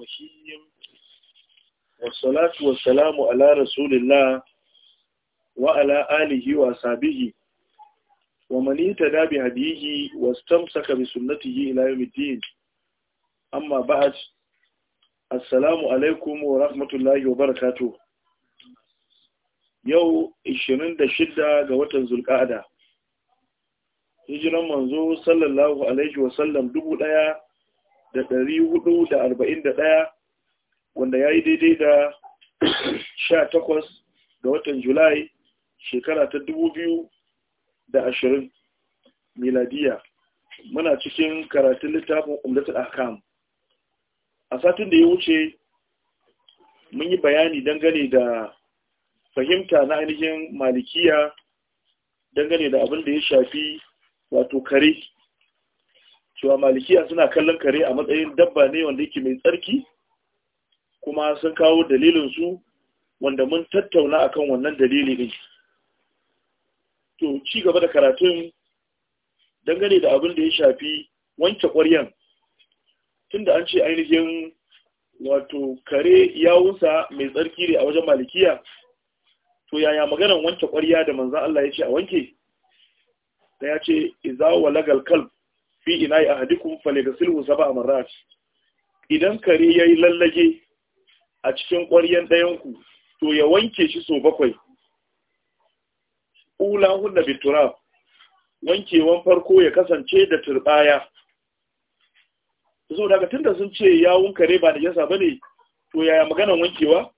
الرحيم والصلاة والسلام على رسول الله وعلى آله وصحبه ومن يتدى بهديه واستمسك بسنته إلى يوم الدين أما بعد السلام عليكم ورحمة الله وبركاته يو yau 26 ga watan zulka'ada hijiran manzo sallallahu alaihi wasallam dubu ɗaya da ɗari hudu da arba'in da ɗaya wanda ya yi daidai da sha takwas ga watan julai shekara ta dubu biyu da ashirin miladiya muna cikin karatun littafin umdatul akam a satin da ya wuce mun yi bayani dangane da fahimta na ainihin malikiya dangane da abin da ya shafi wato kare cewa malikiya suna kallon kare a matsayin dabba ne wanda yake mai tsarki kuma sun kawo dalilinsu wanda mun tattauna akan wannan dalili ne. to ci gaba da karatun dangane da abin da ya shafi wanke ƙwaryan tunda an ce ainihin wato kare yawunsa mai tsarki ne a wajen malikiya to yaya maganar wanke ƙwarya da manzan Allah ya ce a wanke da ya ce iza walagal kalb fi ina yi a ya da silhu sab'a marrat idan kare ya yi lallage a cikin ƙwaryen ɗayanku, to ya wanke shi so bakwai ulahun da bitura wankewan farko ya kasance da turbaya so daga da sun ce yawun kare ba da yasa ne, to yaya maganan wankewa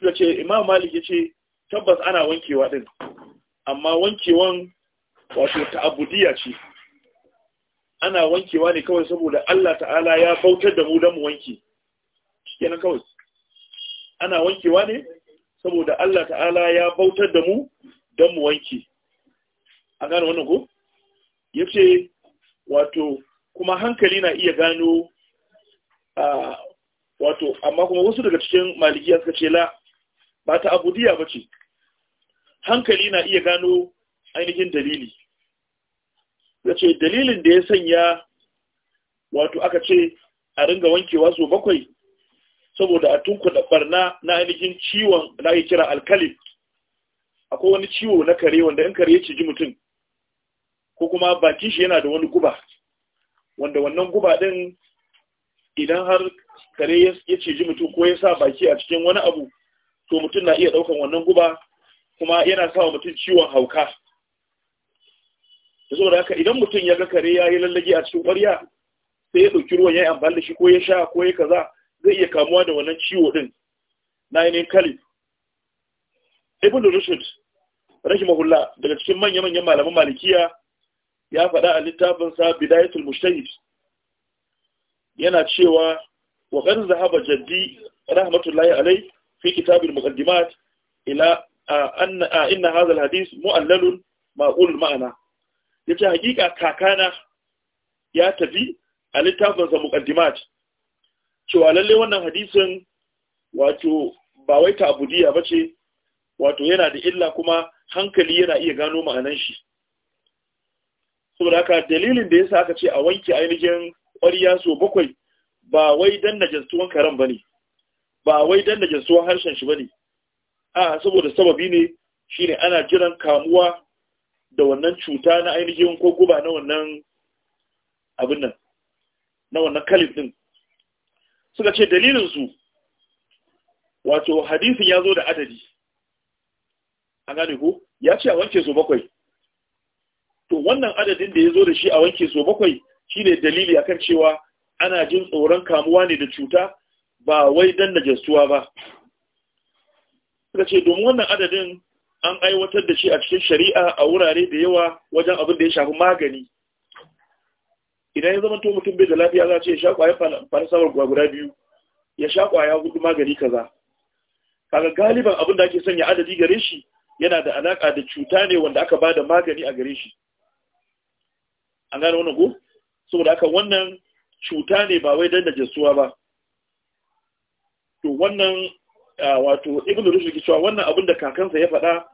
suka ce imam malik ya ce tabbas ana wankewa din amma wankewan wato ta'abudiyya ce ana wankewa ne kawai saboda Allah ta'ala ya bautar da mu don mu wanke kenan kawai ana wankewa ne saboda Allah ta'ala ya bautar da mu don mu wanke a gane wannan ko ya ce wato kuma hankali na iya gano a wato amma kuma wasu daga cikin malikiya suka ce la ba ta abudiya ba ce hankali na iya gano ainihin dalili ya ce dalilin da ya sanya wato aka ce a ringa wankewa so bakwai saboda a tunkuɗa barna na ainihin ciwon na ake kira alkalif akwai wani ciwo na kare wanda in kare ya ji mutum ko kuma bakin shi yana da wani guba wanda wannan guba din idan har kare ya ciji mutum ko ya sa baki a cikin wani abu to mutum na iya ɗaukan wannan guba kuma yana sa mutum ciwon hauka saboda haka idan mutum ya ga kare ya yi lallage a cikin ƙwarya sai ya ɗauki ruwan ya yi amfani da shi ko ya sha ko ya kaza zai iya kamuwa da wannan ciwo ɗin na ainihin kali. ibn rushd rahimahullah daga cikin manya-manyan malaman malikiya ya faɗa a littafin sa bidayatul mushtahid yana cewa wa qad zahaba jaddi rahmatullahi alayhi fi kitabil al-muqaddimat ila anna inna hadha hadis mu'allalun mu'allal ma'ana ya ce hakika kakana ya tafi a littafinsa muqaddimat cewa lalle wannan hadisin wato ba wai ba bace wato yana da illa kuma hankali yana iya gano ma'anan shi saboda haka dalilin da yasa aka ce a wanke ainihin ƙwariya so bakwai ba wai dan najastuwan karen bane ba wai dan najastuwan harshen shi bane a saboda sababi ne shine ana jiran kamuwa da wannan cuta na ainihin ko guba na wannan abin nan na wannan kalif din suka ce dalilinsu wato hadisin ya zo da adadi an gane ko ya ce a wanke so bakwai to wannan adadin da ya zo da shi a wanke so bakwai shine dalili akan cewa ana jin tsoron kamuwa ne da cuta ba wai dan najastuwa ba suka ce domin wannan adadin an aiwatar da shi a cikin shari'a a wurare da yawa wajen abin da ya shafi magani idan ya zama to mutum bai da lafiya za a ce ya sha kwaya farasamar guda biyu ya sha kwaya hudu magani kaza kaga galiban abin da ake sanya adadi gare shi yana da alaka da cuta ne wanda aka ba da magani a gare shi an gane wannan ko saboda haka wannan cuta ne ba wai dan jasuwa ba to wannan Ah, wato ibn rushd ke cewa wannan abin da kakansa ya faɗa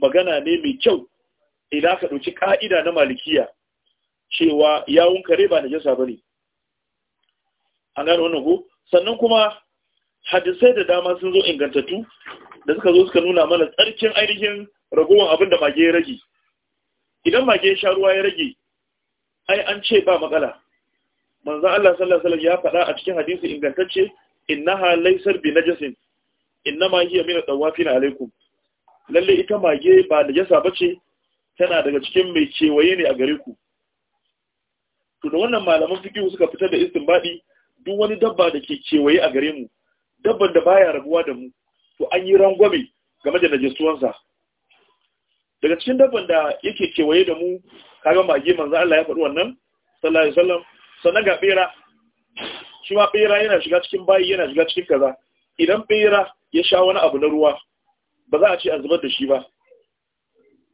magana ne mai kyau idan ka ɗauki ka'ida na malikiya cewa yawun kare ba najasa bane an gane wannan ko sannan kuma hadisai da dama sun zo ingantattu da suka zo suka nuna mana tsarkin ainihin ragowar abin da mage ya rage idan mage ya sha ruwa ya rage ai an ce ba matsala manzo Allah sallallahu alaihi ya faɗa a cikin hadisi ingantacce innaha laysar bi najasin Inna innama hiya min tawafin alaikum lalle ita mage ba da jasa bace tana daga cikin mai cewaye ne a gare ku to da wannan malaman fikihu suka fitar da istinbadi duk wani dabba da ke cewaye a gare mu dabban da baya rabuwa da mu to an yi rangwame game da najisuwansa daga cikin dabban da yake kewaye da mu kaga mage manzo Allah ya faɗi wannan sallallahu alaihi wasallam sannan ga bera shi ma bera yana shiga cikin bayi yana shiga cikin kaza idan bera ya sha wani abu na ruwa ba za a ce a zubar da shi ba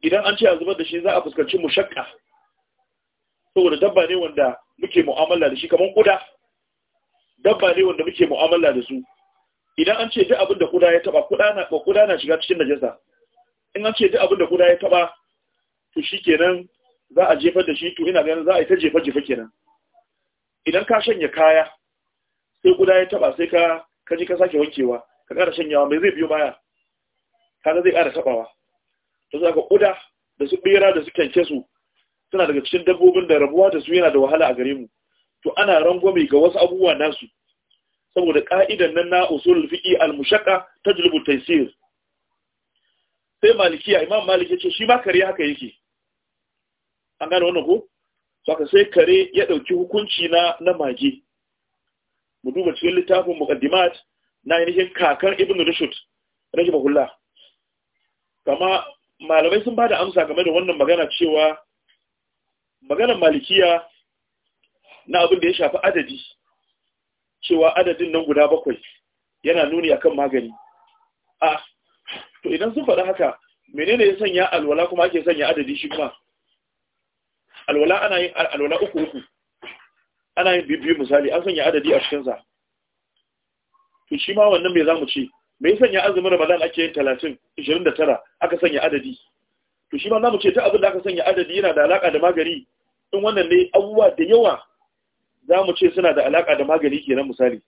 idan an ce a zubar da shi za a fuskanci mushakka saboda dabba ne wanda muke mu'amala da shi kamar kuda dabba ne wanda muke mu'amala da su idan an ce duk abin da kuda ya taba kuda na kuda na shiga cikin najasa in an ce duk abin da kuda ya taba to shikenan za a jefar da shi to ina ganin za a yi ta jefa jefa kenan idan ka shanya kaya sai kuda ya taba sai ka kaji ka sake wankewa ka ƙara shanyawa mai zai biyo baya kaga zai ƙara taɓawa to za ka ƙuda da su ɓera da su kyanke su suna daga cikin dabbobin da rabuwa da su yana da wahala a gare mu to ana rangwame ga wasu abubuwa nasu saboda ƙa'idan nan na usulul fiqi al-mushaqqa tajlibu taysir sai maliki ya imam malik ce, shi ma kare haka yake an gane wannan ko ka sai kare ya ɗauki hukunci na na mage mu duba cikin littafin muqaddimat na nishin kakar ibn rage rahimahullah kama malamai sun ba da amsa game da wannan magana cewa maganar malikiya na abin da ya shafi adadi cewa adadin nan guda bakwai yana nuni akan magani a to idan sun faɗi haka menene ya sanya alwala kuma ake sanya adadi shi kuma alwala ana yin alwala uku uku ana yin bibiyu misali an sanya adadi a cikinsa to shi ma wannan me zamu ce me sanya azumin Ramadan ake yin 30 29 aka sanya adadi to shi ma zamu ce ta abin da aka sanya adadi yana da alaka da magani in wannan ne abubuwa da yawa zamu ce suna da alaka da magani kenan misali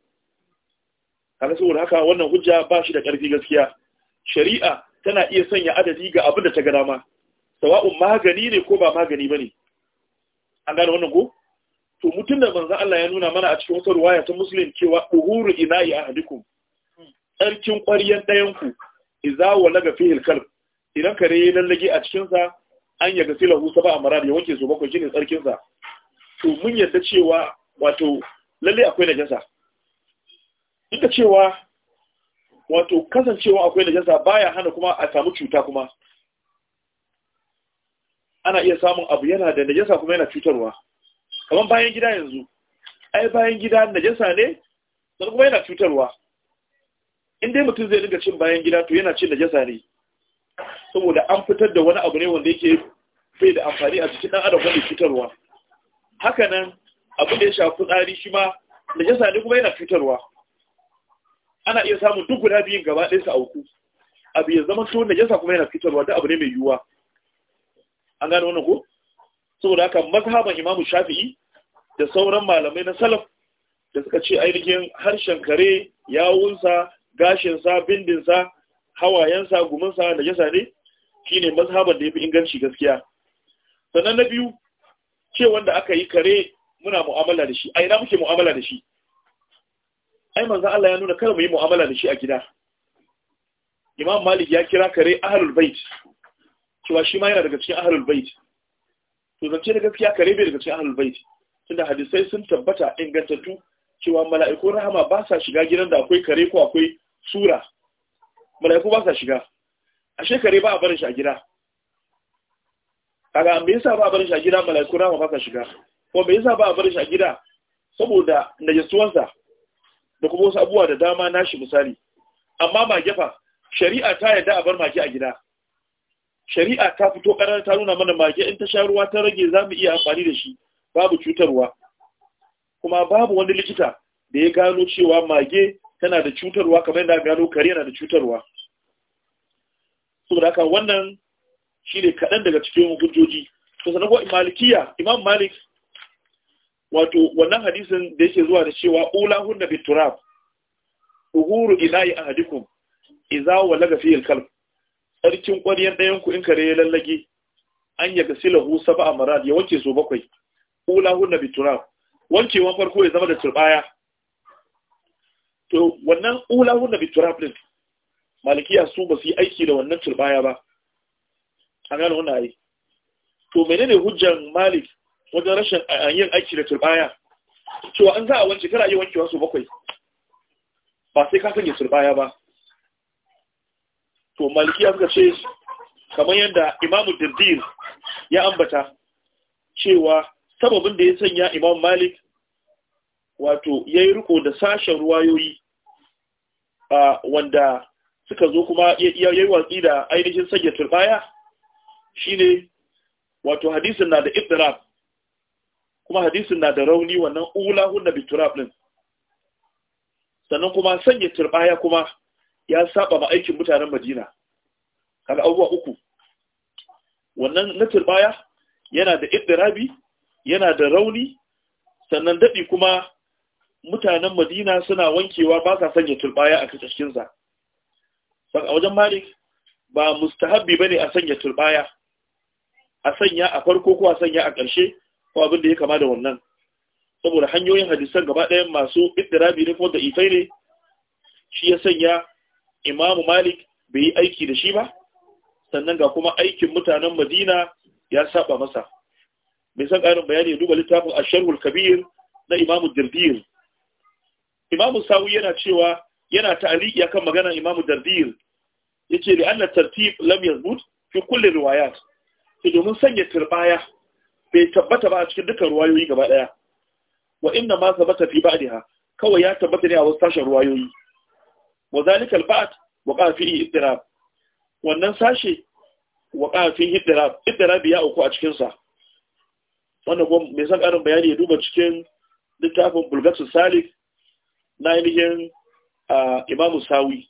kaga saboda haka wannan hujja ba shi da karfi gaskiya shari'a tana iya sanya adadi ga abin da ta ga dama sawa'un magani ne ko ba magani bane an gane wannan ko to mutum da manzan Allah ya nuna mana a cikin wata ruwaya ta muslim cewa uhuru a ahadikum tsarkin ƙwaryen ɗayanku iza laga fi hilkar, idan kare ya lallage a cikinsa an yaga sila husa ba a marar ya wanke su bakwai ne tsarkinsa to mun yadda cewa wato lalle akwai najasa duk ita cewa wato kasancewa akwai najasa baya hana kuma a samu cuta kuma ana iya samun abu yana da najasa kuma yana cutarwa kamar bayan gida yanzu ai bayan gida najasa ne sannan kuma yana cutarwa in dai mutum zai dinga cin bayan gida to yana cin najasa ne saboda an fitar da wani abu ne wanda yake bai da amfani a cikin dan adam wanda cutarwa haka nan abu da ya shafi tsari shi ma najasa ne kuma yana cutarwa ana iya samun duk guda biyun gaba ɗaya su auku abu ya zama to najasa kuma yana cutarwa duk abu ne mai yiwuwa an gane wannan ko saboda haka mazhaban imamu shafi'i da sauran malamai na salaf da suka ce ainihin harshen kare yawunsa gashinsa bindinsa hawayensa guminsa da jasa ne ne mazhaban da ya fi inganci gaskiya sannan na biyu ce wanda aka yi kare muna mu'amala da shi a ina muke mu'amala da shi ai manzo Allah ya nuna kar mu yi mu'amala da shi a gida Imam Malik ya kira kare ahlul bait cewa shi ma yana daga cikin ahlul bait to zance da gaskiya kare bai daga cikin ahlul bait tunda hadisai sun tabbata ingantattu cewa mala'ikun rahama ba sa shiga gidan da akwai kare ko akwai sura mala'iku ba sa shiga A shekare ba a barin shi a gida kaga me yasa ba a barin shi a gida mala'iku rahama ba sa shiga ko me yasa ba a barin shi a gida saboda najasuwansa da kuma wasu abubuwa da dama nashi misali amma mage fa shari'a ta yadda a bar mage a gida shari'a ta fito karar ta nuna mana mage in ta sha ruwa ta rage za mu iya amfani da shi babu cutarwa kuma babu wani likita da ya gano cewa mage tana da cutarwa kamar yadda gano kare yana da cutarwa saboda haka wannan shine kaɗan daga cikin hujjoji to sanarwa malikiya imam malik wato wannan hadisin da yake zuwa da cewa ulahun na biturab uhuru inayi ahadikum iza walaga fi alkalb sarkin ƙwaryen ɗayan ku in kare ya lallage an yaga silahu sab'a marad ya wanke so bakwai ulahunna biturab wancewa farko ya zama da turbaya to wannan ulahunna biturab din malikiya su ba su yi aiki da wannan turbaya ba an gano wannan ai to menene hujjan malik wajen rashin yin aiki da turbaya To an za a wance kana yi wankewa su bakwai ba sai ka sanya turbaya ba to malikiya suka ce kamar yadda imamu dirdir ya ambata cewa sababin da ya sanya imam malik wato ya yi riko da sashen ruwayoyi wanda suka zo kuma ya yi watsi da ainihin sanya turbaya shine wato hadisin na da ibtirab kuma hadisin na da rauni wannan ulahun na biturab din sannan kuma sanya turbaya kuma ya saba ma aikin mutanen madina kaga abubuwa uku wannan na turbaya yana da ibtirabi yana da rauni sannan daɗi kuma mutanen madina suna wankewa ba sa sanya turbaya a cikinsa a wajen malik ba mustahabbi bane a sanya turbaya a sanya a farko ko a sanya a ƙarshe ko abin da ya kama da wannan saboda hanyoyin hadisan gaba ɗayan masu iddirabi ne ko da ifai ne shi ya sanya imamu malik bai yi aiki da shi ba sannan ga kuma aikin mutanen madina ya saba masa mai san ƙarin bayani ya duba littafin asharhul kabir na imamu dardir imamu sawi yana cewa yana ta'aliki akan maganar imamu dardir yace li anna tartib lam yazbut fi kulli riwayat sai domin sanya turbaya bai tabbata ba a cikin dukkan ruwayoyi gaba daya wa inna ma sabata fi ba'daha kawai ya tabbata ne a wasu sashen ruwayoyi wa zalika al-ba'd wa qa'a ittirab wannan sashe wa qa'a fi ittirab ittirab ya uku a cikin sa wannan kuma mai san ƙarin bayani ya duba cikin littafin bulgaksu salik na ainihin imamu sawi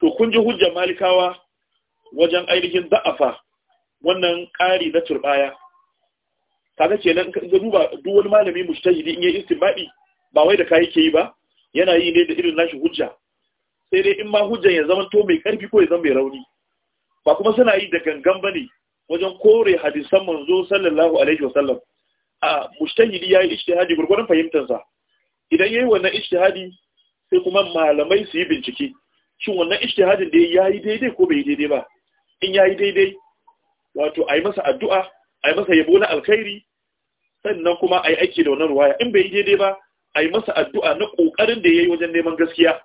to kun ji hujjar malikawa wajen ainihin da'afa wannan ƙari na turbaya kaga kenan in ka duba duk wani malami mushtahidi in yayi istinbadi ba wai da kai ke yi ba yana yi ne da irin nashi hujja sai dai in ma hujjan ya zama to mai karfi ko ya zama mai rauni ba kuma suna yi da gangan bane wajen kore hadisan manzo sallallahu alaihi wasallam a mujtahidi yayi ijtihadi gurgurun fahimtar sa idan yayi wannan ijtihadi sai kuma malamai su yi bincike shin wannan ijtihadin da yayi daidai ko bai daidai ba in yayi daidai wato ayi masa addu'a ayi masa yabo na alkhairi sannan kuma ayi aiki da wannan ruwaya in bai daidai ba ayi masa addu'a na kokarin da yayi wajen neman gaskiya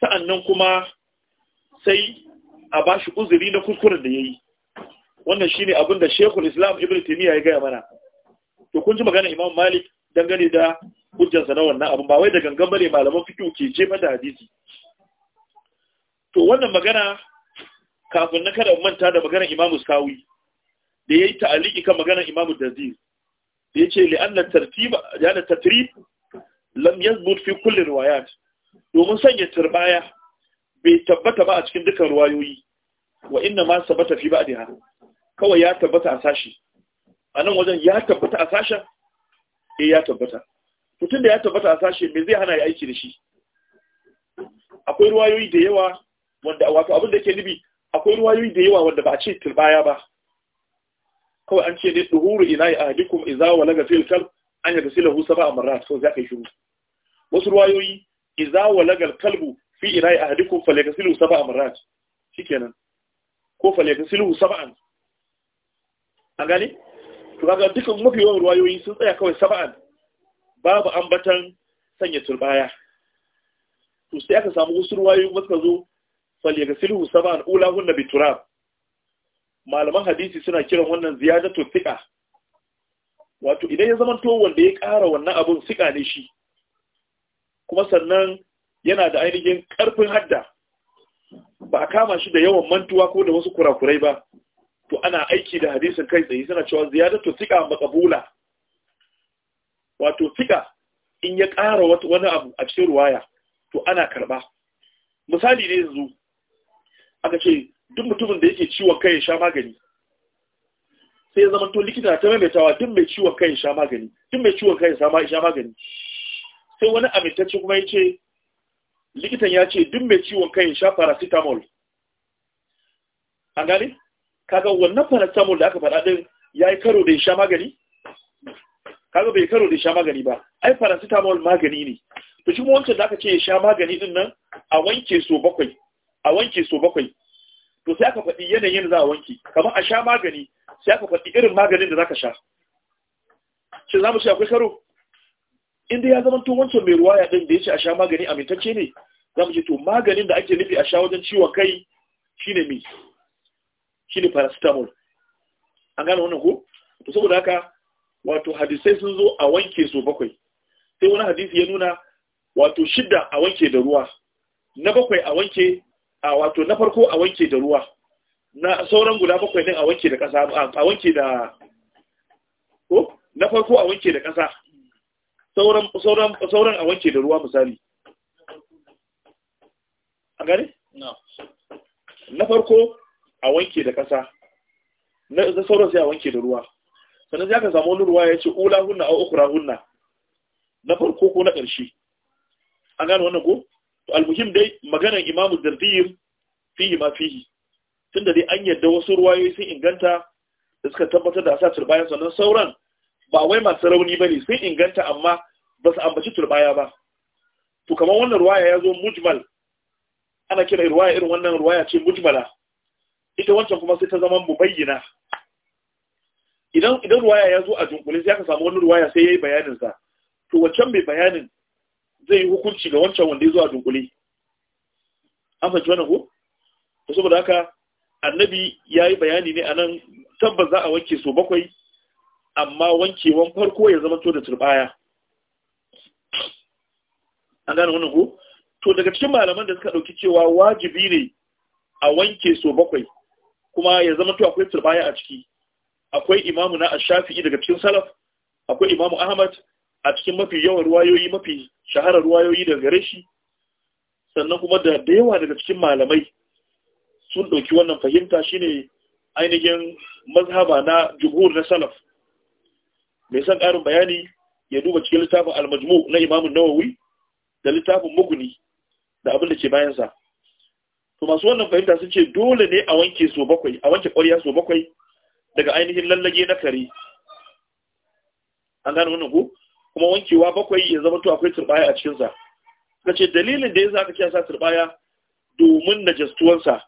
sa'annan kuma sai a bashi uzuri na kuskuren da yayi wannan shine abin da Sheikhul Islam Ibn Taymiyyah ya gaya mana to kun ji magana Imam Malik dangane da hujjarsa na wannan abin ba wai da gangan bane malaman fiqh ke jefa da hadisi to wannan magana kafin na kada manta da maganar Imam Sawi da yayi ta'aliki kan maganar Imam dazi da yace anna tartiba ya tatrib lam yazbut fi kulli riwayat domin sanya turbaya bai tabbata ba a cikin dukkan ruwayoyi wa inna ma sabata fi ba'daha kawai ya tabbata a sashi a nan wajen ya tabbata a sashen eh ya tabbata mutum da ya tabbata a sashe me zai hana ya aiki da shi akwai ruwayoyi da yawa wanda wato abin da ke nubi akwai ruwayoyi da yawa wanda ba a ce tilbaya ba kawai an ce ne duhuru ina ya ahadikum idza walaga fil kalb an yagsilahu sab'a marrat so ka yi shiru wasu ruwayoyi idza walaga al kalbu fi ina yi ya ahadikum falyagsilu sab'a marrat shikenan ko falyagsilu sab'an an gane to kaga dukkan mafi yawan ruwayoyi sun tsaya kawai saba'an babu ambatan sanya turbaya to sai aka samu wasu ruwayoyi kuma suka zo silhu yaghsiluhu sab'an ulahunna bi turab malaman hadisi suna kiran wannan ziyadatu thiqa wato idan ya zamanto wanda ya ƙara wannan abun sika ne shi kuma sannan yana da ainihin ƙarfin hadda ba a kama shi da yawan mantuwa ko da wasu kurakurai ba to ana aiki da hadisin kai tsaye suna cewa to thiqa makabula wato thiqa in ya ƙara wani abu a cikin ruwaya to ana karba misali ne yanzu aka ce duk mutumin da yake ciwon kai ya sha magani sai ya zama to likita ta maimaitawa duk mai ciwon kai ya sha magani duk mai ciwon kai ya sha magani sai wani amintacci kuma ya ce likitan ya ce duk mai ciwon kai ya sha paracetamol an gane kaga wannan paracetamol da aka faɗa din yayi karo da ya sha magani kaga bai karo da ya sha magani ba ai paracetamol magani ne to shi wancan da aka ce ya sha magani din nan a wanke so bakwai a wanke so bakwai to sai aka faɗi yanayin za a wanke kamar a sha magani sai aka faɗi irin maganin da zaka sha shi za mu ce akwai karo inda ya zama tun wancan mai ruwaya din da ya ce a sha magani amintacce ne za mu ce to maganin da ake nufi a sha wajen ciwon kai shine mai shi ne paracetamol an gane wannan ko to saboda haka wato hadisai sun zo a wanke so bakwai sai wani hadisi ya nuna wato shidda a wanke da ruwa na bakwai a wanke a wato na farko a wanke da ruwa na sauran guda bakwai din a wanke da ƙasa a wanke da ko na farko a wanke da kasa sauran sauran sauran a wanke da ruwa misali an gane na farko a wanke da ƙasa na sauran sai a wanke da ruwa sannan sai aka samu wani ruwa ya ce ula hunna au ukura hunna na farko ko na ƙarshe an gane wannan ko to almuhim dai maganar imamu dardiyim fihi ma fihi tunda dai an yadda wasu ruwayoyi sun inganta da suka tabbatar da asa turbaya sannan sauran ba wai masu rauni ne, sun inganta amma ba su ambaci turbaya ba to kamar wannan ruwaya ya zo mujmal ana kira ruwaya irin wannan ruwaya ce mujmala ita wancan kuma sai ta zama bayyana idan idan ruwaya ya zo a dunkule sai aka samu wani ruwaya sai yayi bayanin sa to wancan mai bayanin zai yi hukunci ga wancan wanda ya zo a dunkule an fahimci wannan ko to saboda haka annabi yayi bayani ne anan tabbas za a wanke so bakwai amma wankewan farko ya zama to da turbaya an gane wannan ko to daga cikin malaman da suka dauki cewa wajibi ne a wanke so bakwai kuma ya zama to akwai turbaya a ciki akwai imamu na ash-shafi'i daga cikin salaf akwai imamu ahmad a cikin mafi yawan ruwayoyi mafi shaharar ruwayoyi daga gare shi sannan kuma da da yawa daga cikin malamai sun ɗauki wannan fahimta shine ainihin mazhaba na jumhur na salaf mai son ƙarin bayani ya duba cikin littafin al-majmu na imamu nawawi da littafin muguni da abin da ke bayansa to masu wannan fahimta sun ce dole ne a wanke so bakwai a wanke ƙwarya so bakwai daga ainihin lallage na kare an gane wannan ku kuma wankewa bakwai ya zama to akwai turbaya a cikin sa suka ce dalilin da yasa aka ce sa turbaya domin najastuwan sa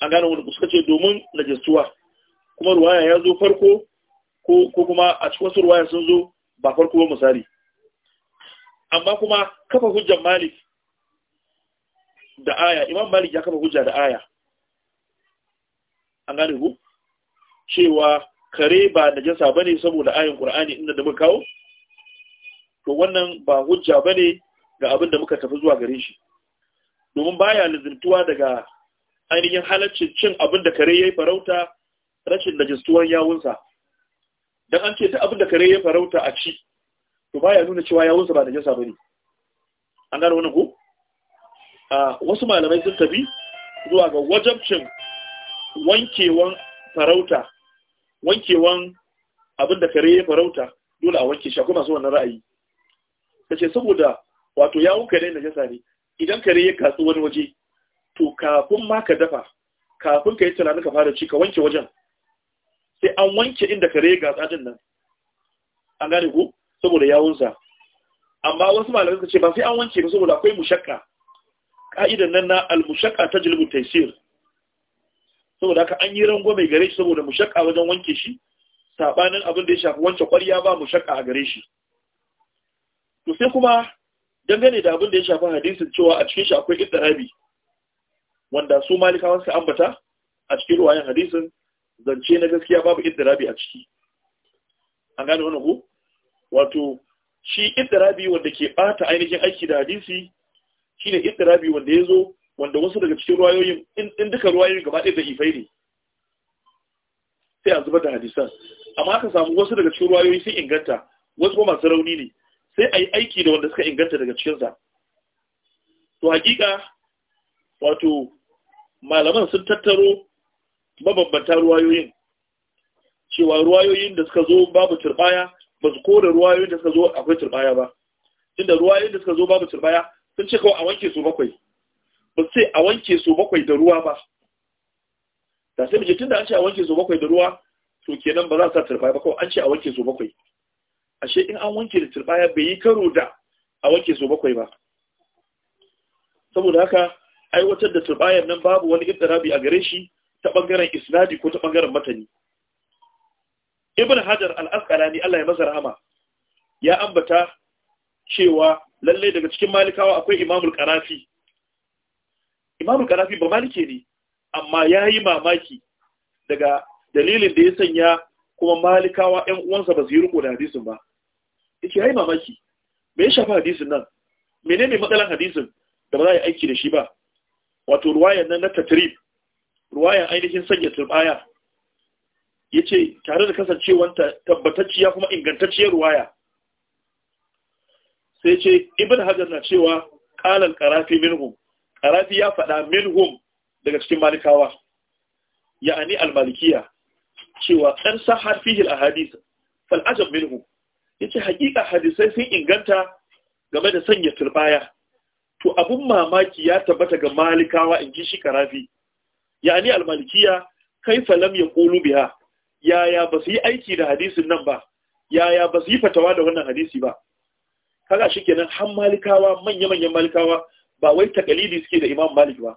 an gane wannan suka ce domin najistuwa kuma ruwaya ya zo farko ko ko kuma a cikin wasu ruwaya sun zo ba farko ba misali amma kuma kafa hujjar malik da aya imam malik ya kafa hujja da aya an gane ku cewa kare ba najasa bane saboda ayin qur'ani inda da muka kawo to wannan ba hujja bane ga abin da muka tafi zuwa gare shi domin baya lazimtuwa daga ainihin halaccin cin abin da kare yayi farauta rashin najistuwan yawunsa dan an ce ta abin da kare yayi farauta a ci to baya nuna cewa yawunsa ba najasa bane an gane wannan ku? wasu malamai sun tafi zuwa ga wajabcin wankewan farauta wankewan abin da kare farauta dole a wanke shi akwai masu wannan ra'ayi ce saboda wato yawun ne na jasa ne idan kare ya katsu wani waje to kafin ma ka dafa kafin ka yi tunanin ka fara ci ka wanke wajen sai an wanke inda kare ya gatsa din nan an gane ko saboda yawunsa amma wasu malamai suka ce ba sai an wanke ba saboda akwai mushakka ka'idan nan na al-mushaqqa tajlibu taysir saboda haka an yi rango mai gare shi saboda mushaqqa wajen wanke shi sabanin abin da ya shafi wancan ƙwarya ba mushaqqa a gare shi to sai kuma dangane da abin da ya shafi hadisin cewa a cikin shi akwai iddarabi wanda su malikawan suka ambata a cikin ruwayan hadisin zance na gaskiya babu iddarabi a ciki an gane wannan ko wato shi iddarabi wanda ke bata ainihin aiki da hadisi shine Rabi wanda ya zo wanda wasu daga cikin ruwayoyin in duka ruwayoyin gaba ɗaya da ifai ne sai a zubar da hadisan amma aka samu wasu daga cikin ruwayoyi sun inganta wasu kuma masu rauni ne sai a yi aiki da wanda suka inganta daga cikinsa to hakika wato malaman sun tattaro mabambanta ruwayoyin cewa ruwayoyin da suka zo babu turbaya ba su kore ruwayoyin da suka zo akwai turbaya ba inda ruwayoyin da suka zo babu turbaya sun ce kawai a wanke su bakwai ba ce a wanke su bakwai da ruwa ba da sai mijin tunda an ce a wanke su bakwai da ruwa to kenan ba za su turbaya ba kawai an ce a wanke su bakwai ashe in an wanke da turbaya bai yi karo da a wanke su bakwai ba saboda haka aiwatar da turbayan nan babu wani iftirabi a gare shi ta bangaren isnadi ko ta bangaren matani ibn hajar al-asqalani Allah ya masa rahama ya ambata cewa Lallai daga cikin malikawa akwai imamul karafi imamul karafi ba malike ne amma ya yi mamaki daga dalilin da ya sanya kuma malikawa ‘yan uwansa ba su yi riko da hadisin ba yake ya yi mamaki me ya shafi hadisin nan mene ne matsalan hadisin da ba za a yi aiki da shi ba wato ruwayan nan na tatrib ruwayan ainihin sanya turbaya ya ce tare da kasancewar tabbatacciya kuma ingantacciyar ruwaya sai ce ibn hajar na cewa kalan karafi minhum karafi ya faɗa minhum daga cikin malikawa ya'ani al cewa ɗan sa harfihi al-ahadith fal ajab minhu yace haƙiƙa hadisai sun inganta game da sanya turbaya to abun mamaki ya tabbata ga malikawa in ji shi karafi ya'ani al-malikiyya kaifa lam yaqulu biha yaya ba su yi aiki da hadisin nan ba yaya ba su yi fatawa da wannan hadisi ba kaga kenan har malikawa manya manyan malikawa ba wai takalidi suke da imam malik ba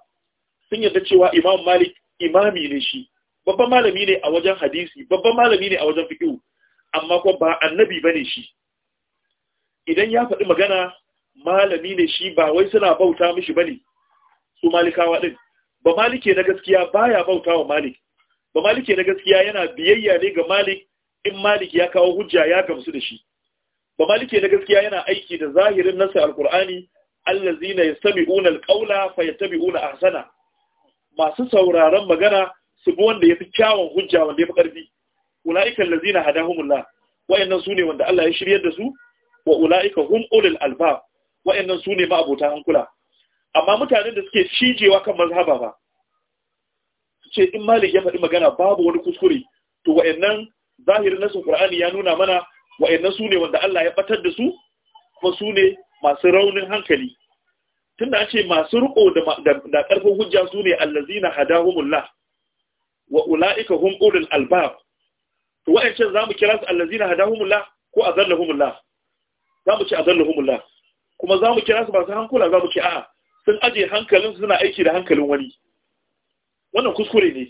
sun yarda cewa imam malik imami ne shi babban malami ne a wajen hadisi babban malami ne a wajen fiqh amma ko ba annabi bane shi idan ya faɗi magana malami ne shi ba wai suna bauta mishi bane su malikawa din ba malike na gaskiya baya bauta wa malik ba malike na gaskiya yana biyayya ne ga malik in malik ya kawo hujja ya gamsu da shi ba malike na gaskiya yana aiki da zahirin nasar alkur'ani allazina yastabi'una alqawla fayattabi'una ahsana masu sauraron magana su bi wanda yafi kyawun hujja wanda yafi karfi ulaika allazina hadahumullah wayannan sune wanda Allah ya shiryar da su wa ulaika hum ulul albab wayannan sune ma abota hankula amma mutanen da suke cijewa kan mazhaba ba ce in malik ya faɗi magana babu wani kuskure to wayannan zahirin nasu qur'ani ya nuna mana wa'annan su ne wanda Allah ya batar da su kuma su ne masu raunin hankali tunda an ce masu riko da ƙarfin hujja su ne allazina hadahumullah wa ula'ika hum ulul albab to wa'ancan zamu kira su allazina hadahumullah ko azallahumullah zamu ce azallahumullah kuma zamu kira su masu hankula zamu ce a'a sun aje hankalin suna aiki da hankalin wani wannan kuskure ne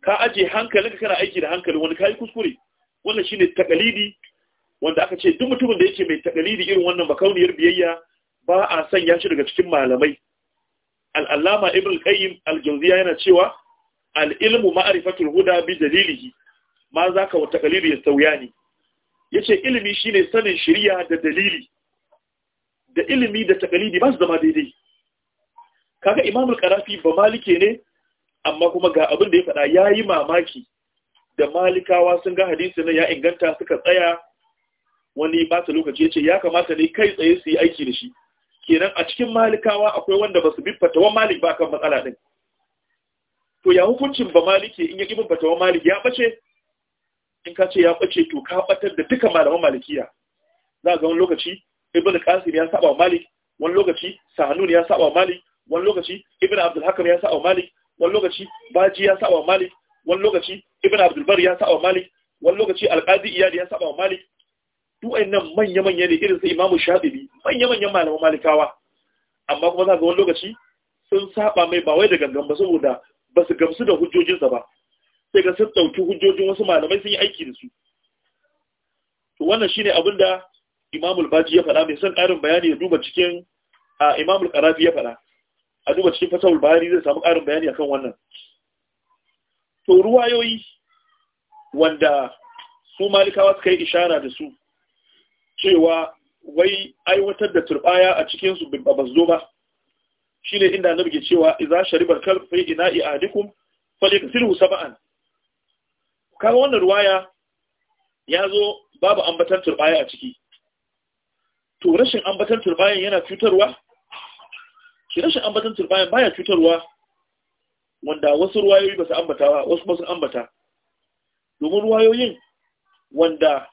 ka aje hankalin kana aiki da hankalin wani kai kuskure wannan shine takalidi wanda aka ce duk mutumin da yake mai takalidi irin wannan makauniyar biyayya ba a sanya shi daga cikin malamai al'allama ibn qayyim al-jawziya yana cewa al-ilmu ma'rifatul huda bi dalilihi ma ka wa sauya ne yace ilimi shine sanin shari'a da dalili da ilimi da takalidi ba su zama daidai kaga imam al-qarafi ba malike ne amma kuma ga abin da ya faɗa yayi mamaki da malikawa sun ga hadisi na ya inganta suka tsaya wani ba su lokaci ya ce ya kamata ne kai tsaye su yi aiki da shi kenan a cikin malikawa akwai wanda ba su bi fatawan malik ba kan matsala ɗin to ya hukuncin ba malike in ya ƙi fatawan malik ya ɓace in ka ce ya ɓace to ka ɓatar da duka malaman malikiya za ga wani lokaci ibn qasim ya saba malik wani lokaci sanun ya saba malik wani lokaci ibn abdul hakam ya saba malik wani lokaci baji ya saba malik wani lokaci ibn abdul bar ya saba malik wani lokaci alqadi iyad ya saba malik duk nan manya-manya ne irin su imamu shafi'i manya-manyan malaman malikawa amma kuma za ga wani lokaci sun saba mai ba wai da gangan ba saboda ba su gamsu da hujjojinsa ba sai ga sun ɗauki hujjojin wasu malamai sun yi aiki da su to wannan shine abin da imamul baji ya faɗa mai son ƙarin bayani ya duba cikin a imamul karafi ya faɗa a duba cikin fasahul bayani zai samu ƙarin bayani akan wannan to ruwayoyi wanda su malikawa suka yi ishara da su cewa wai aiwatar da turbaya a cikin su ba zo ba shine inda nabi ke cewa idza sharibar kalb fi ina'i ahadikum falyaksilhu sab'an kaga wannan ruwaya ya zo babu ambatan turbaya a ciki to rashin ambatan turbayan yana cutarwa shi rashin ambatan turbayan baya cutarwa wanda wasu ruwayoyi ba su ambata ba wasu ba su ambata domin ruwayoyin wanda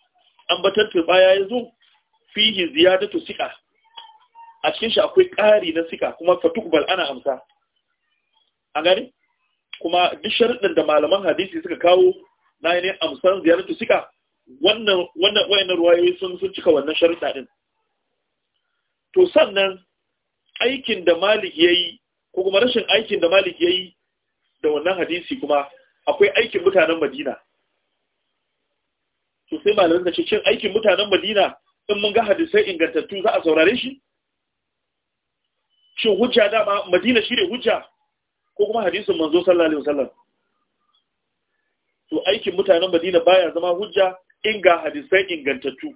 ambatan turbaya ya zo fihi ziyadatu siqa a cikin shi akwai ƙari na siqa kuma fatukbal ana amsa an gani kuma duk sharuɗin da malaman hadisi suka kawo na ne amsan ziyaratu siqa wannan wannan wayannan ruwayoyi sun sun cika wannan sharuɗa din to sannan aikin da malik yayi ko kuma rashin aikin da malik yayi da wannan hadisi kuma akwai aikin mutanen madina to sai malamin da ce cin aikin mutanen madina in mun ga hadisai ingantattu za a saurare shi shin hujja dama madina shi ne hujja ko kuma hadisin manzo sallallahu alaihi wasallam to aikin mutanen madina baya zama hujja in ga hadisai ingantattu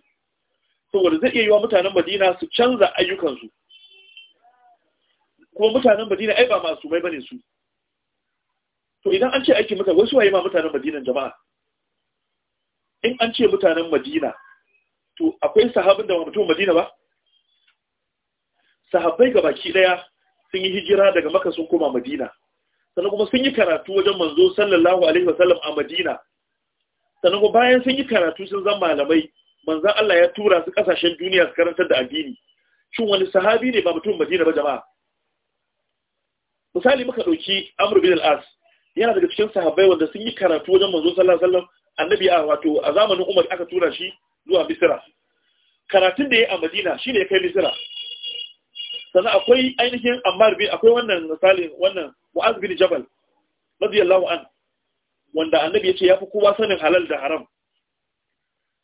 saboda zai iya yi wa mutanen madina su canza ayyukansu kuma mutanen madina ai ba masu mai bane su to idan an ce aikin mutane wasu waye ma mutanen madinan jama'a in an ce mutanen madina to akwai sahabin da ba mutum madina ba sahabbai ga baki daya sun yi hijira daga maka sun koma madina sannan kuma sun yi karatu wajen manzo sallallahu alaihi wasallam a madina sannan kuma bayan sun yi karatu sun zama malamai manzan Allah ya tura su kasashen duniya su karantar da addini shin wani sahabi ne ba mutum madina ba jama'a misali muka dauki amr bin al-as yana daga cikin sahabbai wanda sun yi karatu wajen manzo sallallahu alaihi wasallam annabi a wato a zamanin umar aka tura shi zuwa misira karatun da ya a madina shi ne ya kai misira sannan akwai ainihin ammar bin akwai wannan misali wannan mu'az bin jabal radiyallahu an wanda annabi ya ce ya fi kowa sanin halal da haram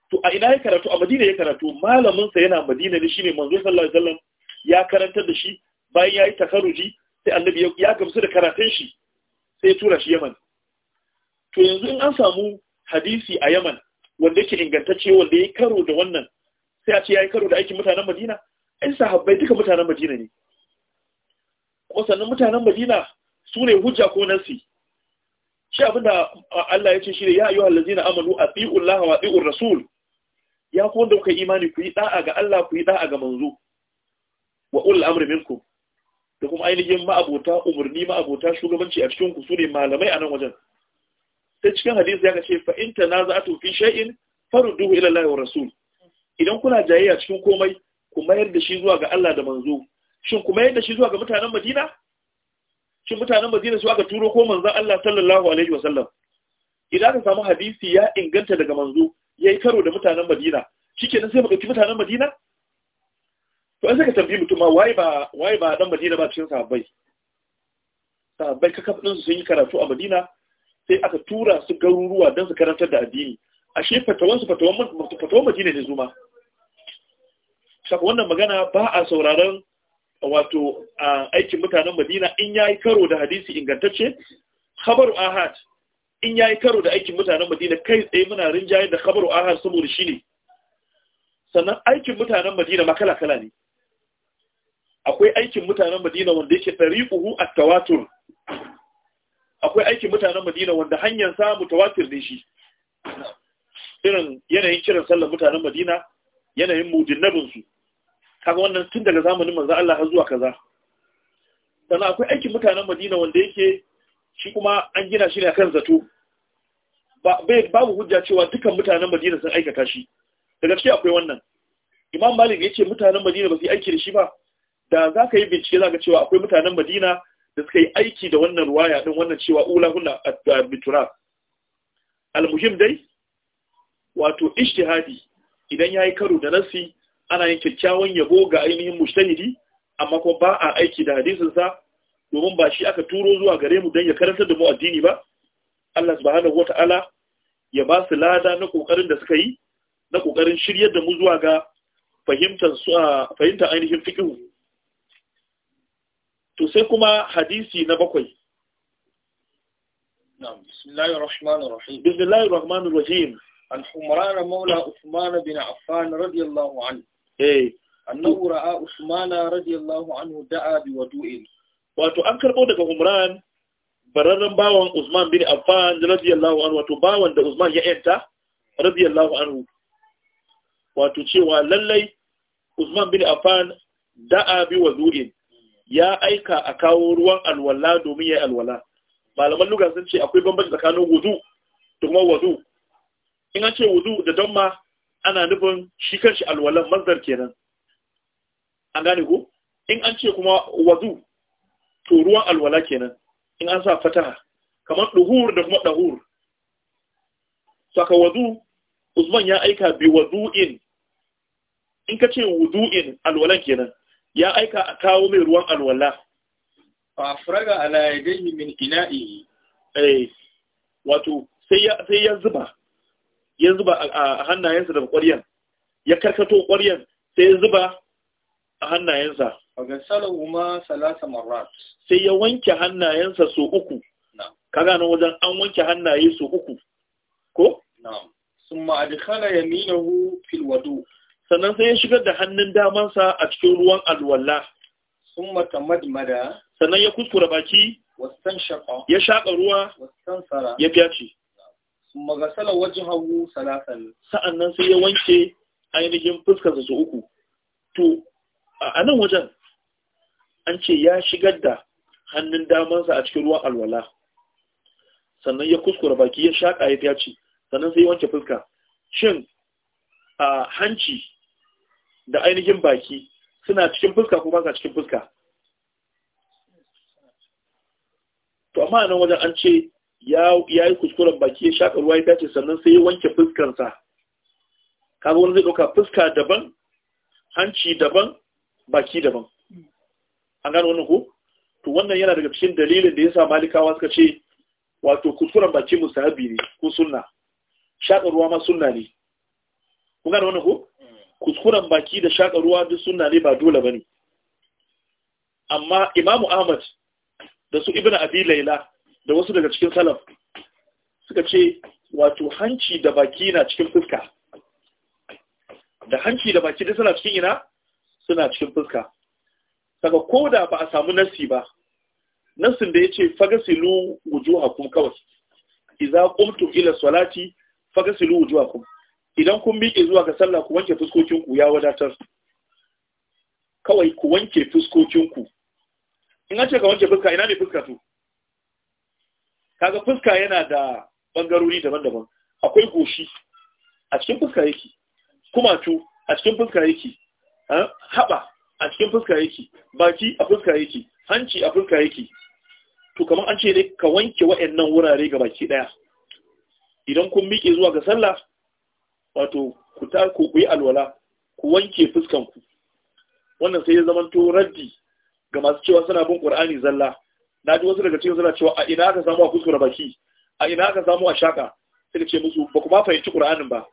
to a ina ya karatu a madina ya karatu malaminsa yana madina ne shine manzo sallallahu alaihi wasallam ya karantar da shi bayan ya yi takaruji sai annabi ya gamsu da karatun shi sai ya tura shi yaman to yanzu in an samu hadisi a Yaman wanda yake ingantacce wanda ya karo da wannan sai a ce ya karo da aikin mutanen Madina ai sahabbai duka mutanen Madina ne ko mutanen Madina su ne hujja ko nasi shi abinda Allah ya ce shi ne ya ayyuhal ladzina amanu Allah wa atiur rasul ya ku wanda kuka imani ku yi da'a ga Allah ku yi da'a ga manzo wa ul amri minkum da kuma ainihin ma'abota umarni ma'abota shugabanci a cikin ku su ne malamai a nan wajen ta cikin hadisi ya ce fa in tanaza'tu fi sha'in farin ila Allah wa rasul idan kuna jayayya cikin komai ku mayar da shi zuwa ga Allah da manzo shin ku mayar da shi zuwa ga mutanen Madina shin mutanen Madina su aka turo ko manzo Allah sallallahu alaihi wa sallam idan aka samu hadisi ya inganta daga manzo yayi karo da mutanen Madina shikenan sai baka ci mutanen Madina to an ka tambayi mutum ma waye ba wai ba dan Madina ba cikin sahabbai sahabbai kakaf din su sun yi karatu a Madina sai aka tura su garuruwa don su karantar da addini ashe fatawan su fatawan madina ne zuma saka wannan magana ba a sauraron wato aikin mutanen madina in ya yi karo da hadisi ingantacce khabaru ahad in ya yi karo da aikin mutanen madina kai tsaye muna rinjaye da khabaru ahad saboda shi ne. sannan aikin mutanen madina makalakala kala ne akwai aikin mutanen madina wanda yake uhu a tawatur akwai aikin mutanen madina wanda hanyar sa mutawatir ne shi irin yanayin kiran sallar mutanen madina yanayin mudinnabin binsu kaga wannan tun daga zamanin manzo Allah har zuwa kaza sannan akwai aikin mutanen madina wanda yake shi kuma an gina shi ne akan zato Ba babu hujja cewa dukan mutanen madina sun aikata shi da gaske akwai wannan imam malik ya ce mutanen madina ba su aiki da shi ba da zaka yi bincike za ka cewa akwai mutanen madina da suka yi aiki da wannan ruwaya din wannan cewa ula hunna uh, bitura almuhim dai wato ishtihadi idan ya yi karo da nasi ana yin kyakkyawan yabo ga ainihin mushtahidi amma kuma ba a aiki da hadisinsa, domin ba shi aka turo zuwa gare mu don ya karantar da mu addini ba Allah subhanahu wata'ala ya ba su lada na kokarin da suka yi na kokarin shiryar da mu zuwa ga fahimtar uh, ainihin fikihu to sai kuma hadisi na bakwai bismillahir rahmanir rahim bismillahir rahmanir rahim al-humran maula uthman bin affan radiyallahu anhu eh annahu ra'a uthman radiyallahu anhu da'a bi wadu'in wato an karbo daga humran bararren bawan usman bin affan radiyallahu anhu wato bawan da usman ya yanta radiyallahu anhu wato cewa lallai usman bin affan da'a bi wadu'in ya aika a kawo ruwan alwala domin ya yi alwala malaman lugar sun ce akwai bambanci tsakanin wudu da kuma wudu in an ce wudu da damma ana nufin shi kanshi alwalan mazdar kenan an gane ko in an ce kuma wudu to ruwan alwala kenan in an sa fataha kamar duhur da kuma dahur saka wudu Usman ya aika bi wudu'in in ka ce wudu'in alwalan kenan ya aika a kawo mai ruwan alwala fa furaga ala yadayhi min ina'i eh wato sai ya sai ya zuba ya zuba a hannayensa daga ƙwaryan ya karkato ƙwaryan sai ya zuba a hannayensa fagasalahuma salasa marrat sai ya wanke hannayensa so uku kaga nan wajen an wanke hannaye so uku ko na'am summa adkhala yaminahu fil wudu sannan sai ya shigar da hannun damansa a cikin ruwan alwala sun madmada sannan ya kuskura baki ya shaƙa ruwa ya fyace magasala wajen hagu salatan sa'an nan sai ya wanke ainihin fuskarsa su uku to a nan wajen an ce ya shigar da hannun damansa a cikin ruwan alwala sannan ya kuskura baki ya shaƙa ya fyace sannan sai ya wanke fuska shin a hanci da ainihin baki suna cikin fuska ko ba cikin fuska to amma nan wajen an ce ya yi kuskuren baki ya shaƙa ruwa ya dace sannan sai ya wanke fuskarsa kaga wani zai ɗauka fuska daban hanci daban baki daban an gano wannan ko to wannan yana daga cikin dalilin da ya sa malikawa suka ce wato kuskuren baki musahabi ne ko sunna shaƙa ruwa ma sunna ne kun gano wannan ko kuskuren baki da shaƙa ruwa duk sunna ne ba dole ba ne amma imamu ahmad da su ibn abi laila da wasu daga cikin salaf suka ce wato hanci da baki na cikin fuska da hanci da baki da suna cikin ina suna cikin fuska saka ko da ba a samu nasi ba nasin da ya ce fagasilu wujuhakum kawai idza qumtu ila salati fagasilu wujuhakum idan kun miƙe zuwa ga sallah ku wanke fuskokinku ya wadatar kawai ku wanke fuskokinku in an ce ka wanke fuska ina ne fuska to kaga fuska yana da bangarori daban-daban akwai goshi a cikin fuska yake kumatu a cikin fuska yake haɓa a cikin fuska yake baki a fuska yake hanci a fuska yake to kamar an ce ne ka wanke wa'annan wurare ga baki ɗaya idan kun miƙe zuwa ga sallah wato ku ta ku yi alwala ku wanke fuskan ku wannan sai ya zama zamanto raddi ga masu cewa suna bin qur'ani zalla na ji wasu daga cikin suna cewa a ina aka samu a kuskura baki a ina aka samu a shaka sai ce musu ba ku ma fahimci qur'anin ba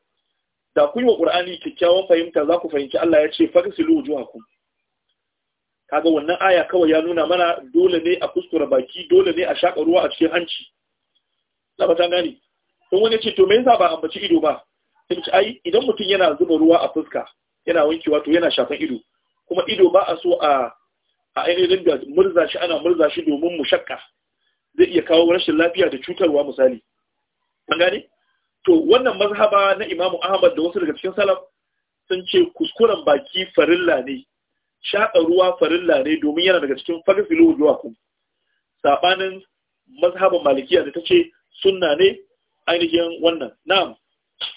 da kun yi wa qur'ani kyakkyawan fahimta za ku fahimci Allah ya ce fagsilu wujuhakum kaga wannan aya kawai ya nuna mana dole ne a kuskura baki dole ne a shaka ruwa a cikin hanci na ta gani don wani ce to me yasa ba ambaci ido ba ci ai idan mutum yana zuba ruwa a fuska yana wankewa to yana shafan ido kuma ido ba a so a a ainihin da murza shi ana murza shi domin mushakka zai iya kawo rashin lafiya da cutarwa misali an gane to wannan mazhaba na imamu ahmad da wasu daga cikin salaf sun ce kuskuren baki farilla ne shaƙa ruwa farilla ne domin yana daga cikin fagasilu zuwa kuma saɓanin mazhaban malikiya da ta ce sunna ne ainihin wannan na'am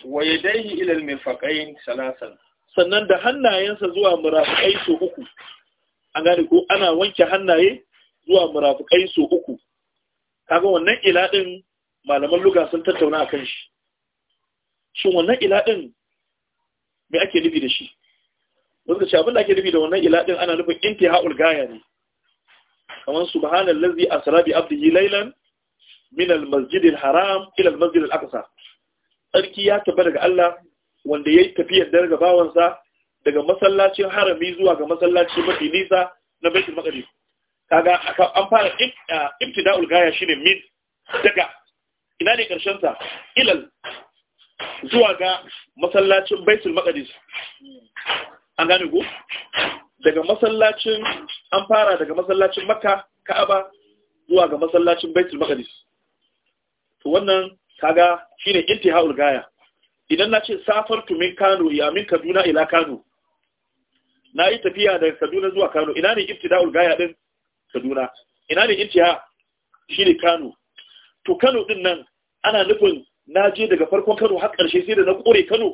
wa yadayhi ila al-mirfaqayn salasan sannan da hannayensa zuwa murafiqai su uku an gane ko ana wanke hannaye zuwa murafiqai su uku kaga wannan iladin malaman luga sun tattauna akan shi shin wannan iladin me ake nufi da shi wanda ce abinda ake nufi da wannan iladin ana nufin intihaul gaya ne kamar subhanallazi asra bi abdihi laylan min al-masjidil haram ila al-masjidil aqsa tsarki ya tafi daga Allah wanda ya yi tafiyar da daga bawansa daga masallacin harami zuwa ga masallaci mafi nisa na baitul maqdis kaga an fara ibtida'ul gaya shine min. daga ina ne karshen sa ilal zuwa ga masallacin baitul maqdis an gane ko daga masallacin an fara daga masallacin makka ka'aba zuwa ga masallacin baitul maqdis to wannan kaga shine intihaul gaya idan na ce safartu min Kano ya min Kaduna ila Kano na yi tafiya daga Kaduna zuwa Kano ina ne intihaul gaya din Kaduna ina ne intiha shine Kano to Kano din nan ana nufin na je daga farkon Kano har karshe sai da na kore Kano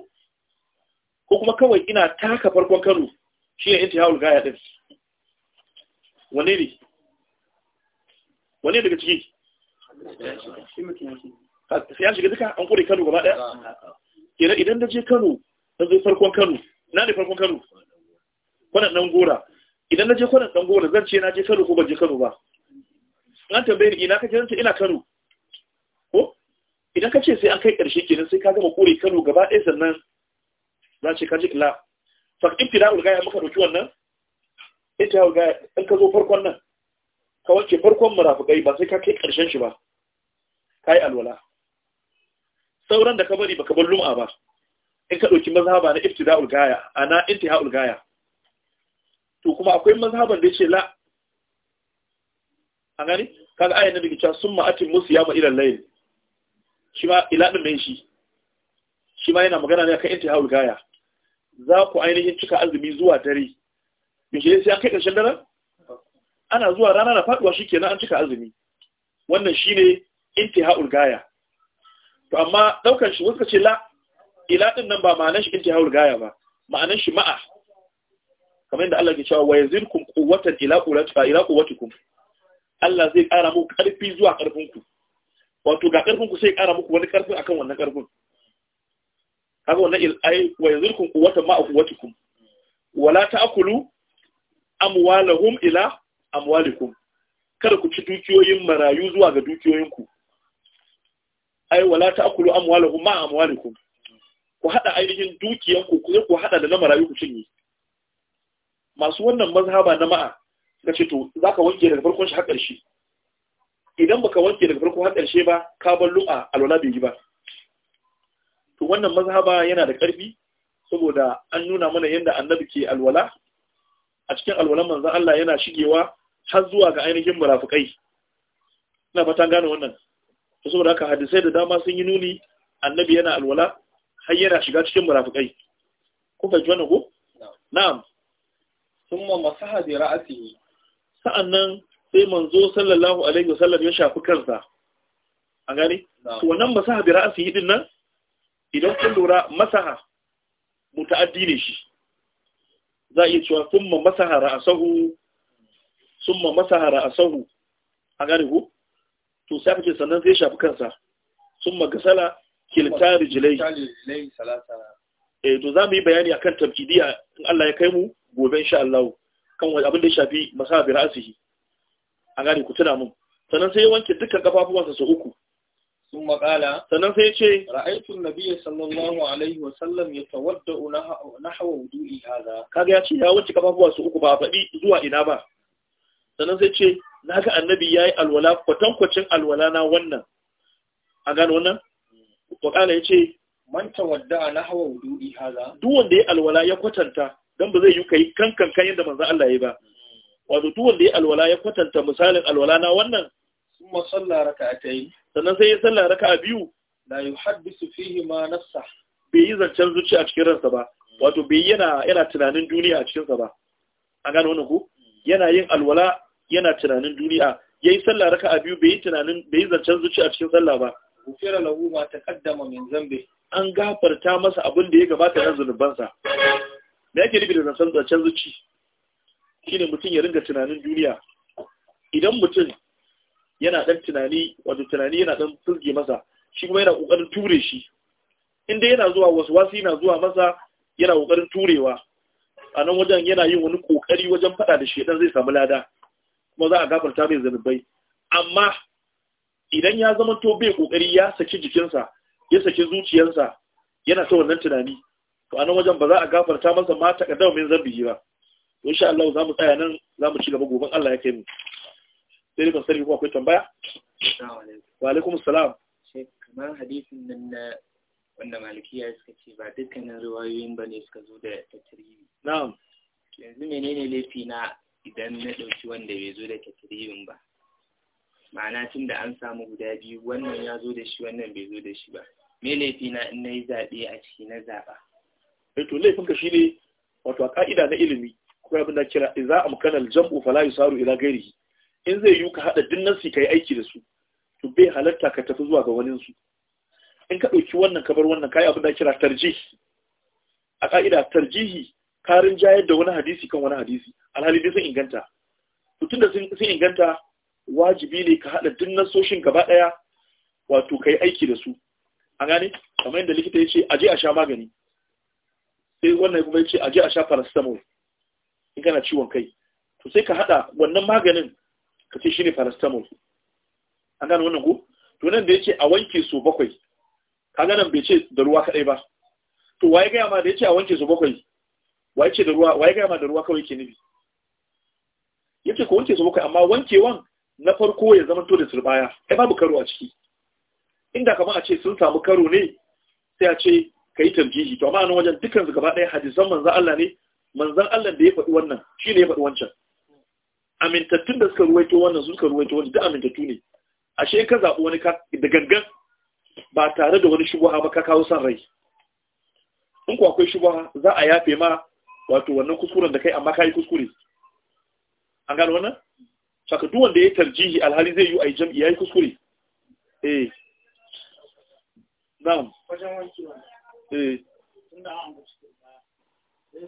ko kuma kawai ina taka farkon Kano shine intihaul gaya din wani ne wani daga ciki ya shiga duka an kure Kano gaba daya idan da je Kano da zai farkon Kano na ne farkon Kano kwanan nan gora idan na je kwanan nan gora zan ce na je Kano ko ban je Kano ba an tambaye ni ina ka zan ina Kano ko idan ka ce sai an kai ƙarshe kenan sai ka gama kore Kano gaba ɗaya sannan za ce ka ji ila fa ulga gaya muka dauki wannan ita ulga in ka zo farkon nan ka wanke farkon murafukai ba sai ka kai ƙarshen shi ba yi alwala sauran da ka bari baka bar lum'a ba in ka dauki mazhaba na ibtida'ul gaya ana intiha'ul gaya to kuma akwai mazhaban da yake la an gani kaga ayan nabi cewa summa atim musiyama ila layl shi ma ila din ne shi shi ma yana magana ne akan intiha'ul gaya za ku ainihin cika azumi zuwa dare shi sai an kai kashin dare ana zuwa rana na faduwa shikenan an cika azumi wannan shine intiha'ul gaya to amma daukar shi wasu ce la ila ɗin nan ba ma'anar shi intihawul gaya ba ma'anar shi ma'a kamar yadda Allah ke cewa wa yazirkum quwwatan ila quwwati ila quwwatikum Allah zai ƙara muku ƙarfi zuwa karfin ku wato ga karfin ku sai ƙara muku wani ƙarfin akan wannan ƙarfin haka wannan ai wa yazirkum quwwatan ma'a quwwatikum wala ta'kulu amwalahum ila amwalikum kada ku ci dukiyoyin marayu zuwa ga dukiyoyinku ai wala ta'kulu amwalahum ma amwalikum ku hada ainihin dukiyan ku ku hada da na marayu ku cinye masu wannan mazhaba na ma'a suka ce to zaka wanke daga farkon shi har ƙarshe idan baka wanke daga farkon har ba ka bar lu'a alwala bai yi ba to wannan mazhaba yana da karfi saboda an nuna mana yadda annabi ke alwala a cikin alwalan manzon Allah yana shigewa har zuwa ga ainihin munafikai ina fatan gane wannan saboda haka hadisai da dama sun yi nuni annabi yana alwala har yana shiga cikin munafikai ku fahimci wannan ko na'am thumma masaha bi ra'sihi sa'annan sai manzo sallallahu alaihi wasallam ya shafi kansa an gani to wannan masaha bi ra'sihi din nan idan kun lura masaha muta'addi ne shi za a iya cewa thumma masaha ra'asahu! thumma masaha ra'asahu! an gani ko to sai ce sannan sai shafi kansa sun magasala kiltari jilai eh, to za mu yi bayani akan tabjidiya in Allah ya kai mu gobe insha Allah kan wani abin da ya shafi masabir asihi a gane ku tuna mun sannan sai ya wanke dukkan kafafuwansa su uku sun makala sannan sai ya ce ra'aytun nabiyyi sallallahu alaihi wa sallam yatawadda'u nahwa wudu'i hadha kaga ya ce ya wanke kafafuwansa su uku ba faɗi zuwa ina ba sannan sai ce na ga annabi ya yi alwala kwatankwacin alwala na wannan a gano wannan wakala ya ce man tawadda na hawa wudu'i haza duk wanda ya alwala ya kwatanta dan ba zai yi kai kankan kan yadda manzo Allah ya ba wato duk wanda ya alwala ya kwatanta misalin alwala na wannan summa salla yi. sannan sai ya salla raka'a biyu la yuhaddisu fihi ma nafsa bai yi zancen zuci a cikin ransa ba wato bai yana yana tunanin duniya a cikin sa ba A gano wannan ko hmm. yana yin alwala yana tunanin duniya yayi sallah raka'a biyu bai tunanin bai zancen zuci a cikin sallah ba gufira lahu ma taqaddama min zambi an gafarta masa abin da ya gabata na zunubansa me yake nufi da zancen zancen zuci shine mutum ya ringa tunanin duniya idan mutum yana dan tunani wato tunani yana dan fulge masa shi kuma yana kokarin ture shi inda yana zuwa wasu wasu yana zuwa masa yana kokarin turewa a nan wajen yana yin wani kokari wajen fada da shi ɗan zai samu lada kuma za a gafarta mai zanubai amma idan ya zama to bai kokari ya saki jikinsa ya saki zuciyarsa yana ta wannan tunani to a nan wajen ba za a gafarta masa ma ta kaddama min zambi ba to insha Allah za mu tsaya nan za mu ci gaba gobe Allah ya kai mu sai dai ban sani ko akwai tambaya wa alaikum salam kamar hadisin nan na wanda malikiya suka ce ba dukkanin riwayoyin bane suka zo da tattari na'am yanzu menene laifi na idan na ɗauki wanda bai zo da tasirin ba ma'ana tun da an samu guda biyu wannan ya zo da shi wannan bai zo da shi ba me laifi na in na yi zaɓe a ciki na zaɓa eh, to laifinka shi ne wato a ka'ida na ilimi ko abin da kira idza amkana Jan jamu fala yusaru ila gairi in zai yi ka haɗa dinnan su yi aiki da su to bai halarta ka tafi zuwa ga wani su in ka ɗauki wannan kabar wannan kayi abin da kira Tarjihi. a ka'ida tarjihi karin jayar da wani hadisi kan wani hadisi alhali duk sun inganta tun da sun inganta wajibi ne ka haɗa duk nasoshin gaba ɗaya wato ka yi aiki da su a gane kamar yadda likita ya ce aje a sha magani sai wannan kuma ya ce aje a sha paracetamol in kana ciwon kai to sai ka haɗa wannan maganin ka ce shi ne paracetamol A gane wannan ko to nan da ya ce a wanke so bakwai ka nan bai ce da ruwa kaɗai ba to waye gaya ma da ya ce a wanke so bakwai waye ce da ruwa waye gaya ma da ruwa kawai ke nufi ce ko wanke su bakwai amma wankewan na farko ya zama to da turbaya ai babu karo a ciki inda kamar a ce sun samu karo ne sai a ce yi tarjihi to amma nan wajen dukkan su gaba ɗaya hadisan manzan Allah ne manzan Allah da ya faɗi wannan shi ne ya faɗi wancan amintattun da suka ruwaito wannan suka ruwaito wannan duk amintattu ne ashe ka zaɓi wani da gangan ba tare da wani shubuha ba ka kawo san rai in ku akwai shubuha za a yafe ma wato wannan kuskuren da kai amma kai kuskure an gano wannan saka duk wanda ya tarjihi alhali zai yi a jam'i yayi kuskure eh na'am wajen eh an kuskure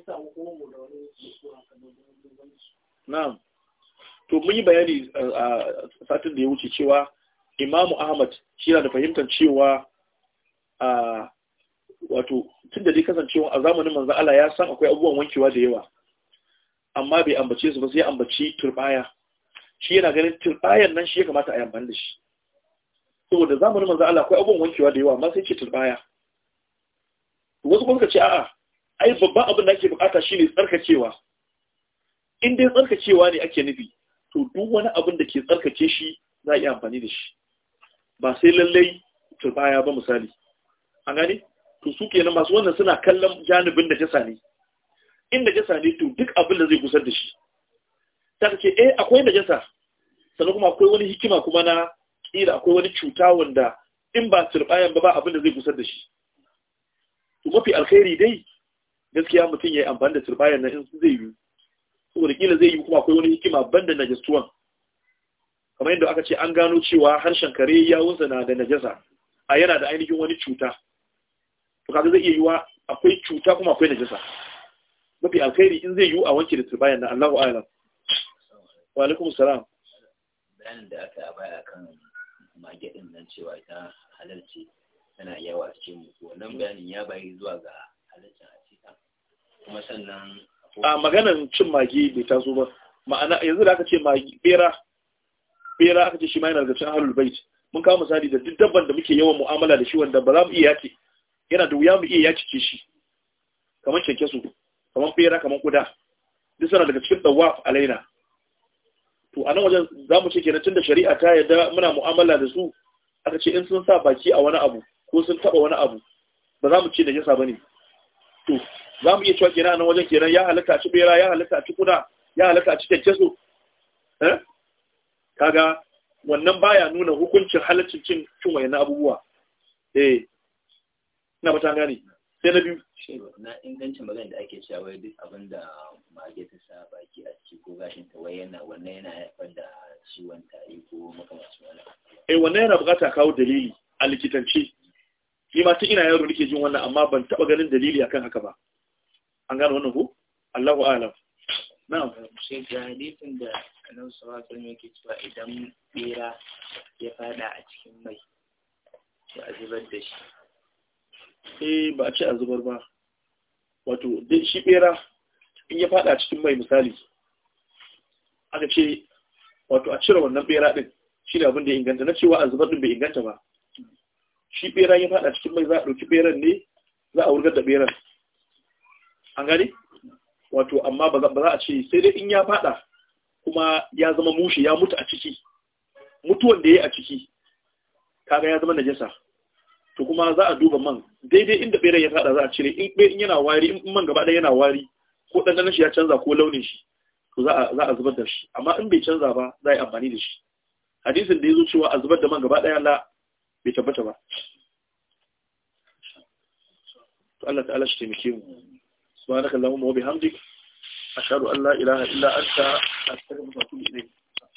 sa hukumu da wani kuskure na'am to mun yi bayani a satin da ya wuce cewa imamu ahmad shi yana da fahimtar cewa a wato tun da dai kasancewa a zamanin manzan Allah ya san akwai abubuwan wankewa da yawa amma bai ambace su ba sai ambaci turbaya shi yana ganin turbayan nan shi ya kamata a yi amfani da shi saboda zamanin manzo Allah akwai abubuwan wankewa da yawa amma sai ce turbaya wasu kuma suka ce a'a ai babban abin da ake bukata shine tsarkakewa in dai tsarkakewa ne ake nufi to duk wani abin da ke tsarkake shi za a iya amfani da shi ba sai lallai turbaya ba misali an gane to su kenan masu wannan suna kallon janibin da jasa ne in jasa ne to duk abin da zai gusar da shi ta ce eh akwai jasa. sannan kuma akwai wani hikima kuma na kila akwai wani cuta wanda in ba turbayan ba ba abin da zai gusar da shi to mafi alkhairi dai gaskiya mutum yayi amfani da turbayan nan in zai yi saboda kila zai yi kuma akwai wani hikima banda najasuwan kamar yadda aka ce an gano cewa harshen kare ya yawunsa na da najasa a yana da ainihin wani cuta to kaga zai iya yiwa akwai cuta kuma akwai najasa mafi alkhairi in zai yiwu a wanke da turbayan na Allahu a'lam wa alaikum salam bayanin da aka a baya kan mage din nan cewa ita halalci tana yawa cikin mutu. wannan bayanin ya bayi zuwa ga halalcin a cikin kuma sannan a maganan cin mage bai taso ba ma'ana yanzu da aka ce mage bera bera aka ce shi ma yana daga cikin ahlul bait mun kawo misali da duk dabban da muke yawan mu'amala da shi wanda ba za mu iya yaki. yana da wuya mu iya ke shi kamar keke su kamar bera kamar kuda duk suna daga cikin dawaf alaina to a nan wajen za mu ce kenan tun da shari'a ta yadda muna mu'amala da su aka ce in sun sa baki a wani abu ko sun taba wani abu ba za mu ce da ba bane to za mu iya cewa kenan a nan wajen kenan ya halatta a ci bera ya halatta a ci kuda ya halatta a ci kyankyaso eh kaga wannan baya nuna hukuncin halaccin cin cin wayannan abubuwa eh ina ba ta gane sai na biyu na ingancin magana da ake cewa wai duk abin da mage ta sa baki a ciki ko gashin ta wai yana wannan yana haifar da ciwon tari ko makamancin wannan eh wannan yana bukata kawo dalili a likitance ni ma tun ina yaro nake jin wannan amma ban taba ganin dalili akan haka ba an gane wannan ko Allahu a'lam na'am sai ga hadisin da annabi sawa alaihi yake cewa idan bera ya fada a cikin mai to a zubar da shi sai eh, ba a ce a zubar ba wato shi bera in ya fada cikin mai misali aka ce wato a cire wannan bera din shi ne abin da inganta na cewa a zubar din bai inganta ba shi bera ya fada cikin mai za a ɗauki beran ne za a wurgar da beran an gani wato amma ba za a ce sai dai in ya fada kuma ya zama mushi ya mutu a ciki mutuwan da ya yi a ciki kaga ya zama najasa to kuma za a duba man daidai inda ɓeren ya faɗa za a cire in yana wari in man gaba ɗaya yana wari ko ɗanɗanon shi ya canza ko launin shi to za a zubar da shi amma in bai canza ba za a yi amfani da shi hadisin da ya zo cewa a zubar da man gaba ɗaya la bai tabbata ba to Allah ta'ala shi taimake mu subhanaka allahumma wa bihamdik ashhadu an la ilaha illa anta astaghfiruka wa atubu ilayk